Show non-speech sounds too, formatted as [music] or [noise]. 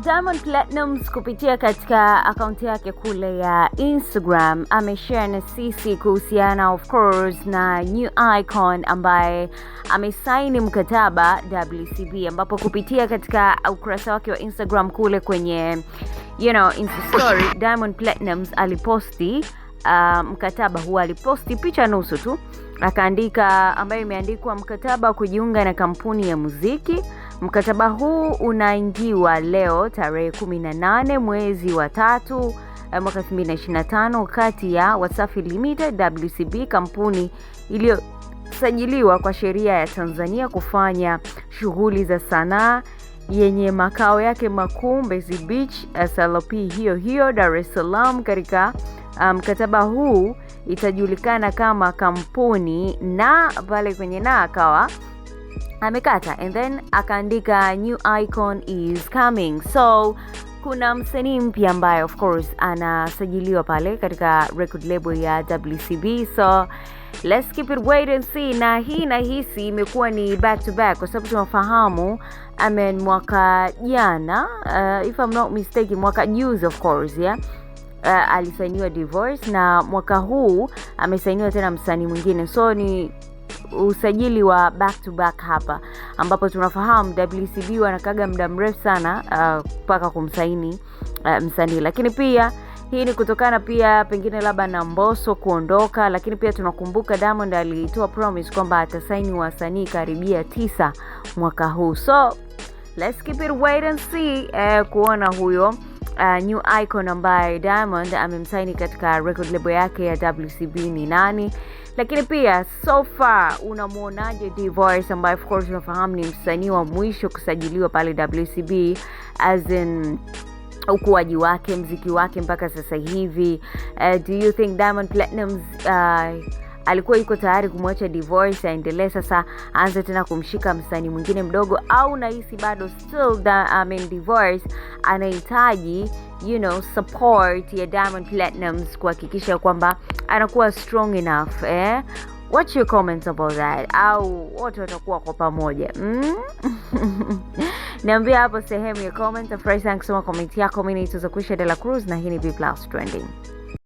Diamond Platnumz kupitia katika akaunti yake kule ya Instagram ameshare na sisi kuhusiana of course na New Icon ambaye amesaini mkataba WCB, ambapo kupitia katika ukurasa wake wa Instagram kule kwenye you know, Insta story Diamond Platnumz aliposti uh, mkataba huo, aliposti picha nusu tu, akaandika ambayo imeandikwa mkataba wa kujiunga na kampuni ya muziki Mkataba huu unaingiwa leo tarehe 18 mwezi wa tatu eh, mwaka 2025 kati ya Wasafi Limited WCB, kampuni iliyosajiliwa kwa sheria ya Tanzania kufanya shughuli za sanaa yenye makao yake makuu Mbezi Beach eh, SLP hiyo hiyo Dar es Salaam. Katika eh, mkataba um, huu itajulikana kama kampuni na pale kwenye na akawa amekata and then akaandika new icon is coming. So kuna msanii mpya ambaye of course anasajiliwa pale katika record label ya WCB, so let's keep it wait and see. Na hii nahisi imekuwa ni back to back, kwa sababu tunafahamu amen, mwaka jana uh, if I'm not mistaken, mwaka juzi of course yeah Uh, alisainiwa Divorce na mwaka huu amesainiwa tena msanii mwingine, so ni usajili wa back to back hapa, ambapo tunafahamu WCB wanakaga muda mrefu sana uh, mpaka uh, kumsaini uh, msanii, lakini pia hii ni kutokana pia pengine labda na Mbosso kuondoka, lakini pia tunakumbuka Diamond alitoa promise kwamba atasaini wasanii karibia tisa mwaka huu, so let's keep it wait and see eh, kuona huyo uh, new icon ambaye Diamond amemsaini katika record label yake ya WCB ni nani? Lakini pia so far unamwonaje Divoice ambaye of course unafahamu ni msanii wa mwisho kusajiliwa pale WCB as in ukuaji wake, mziki wake mpaka sasa hivi. Uh, do you think Diamond platinums uh, alikuwa yuko tayari kumwacha divorce aendelee sasa aanze tena kumshika msanii mwingine mdogo au nahisi bado still the, I mean, divorce anahitaji you know support ya Diamond Platnumz kuhakikisha kwamba anakuwa strong enough eh? What's your comments about that? Au wote watakuwa kwa pamoja mm? [laughs] Niambia hapo sehemu ya comment. Afurahi sana kusoma comment yako. Mimi naitwa Zakusha De La Cruz na hii ni B Trending.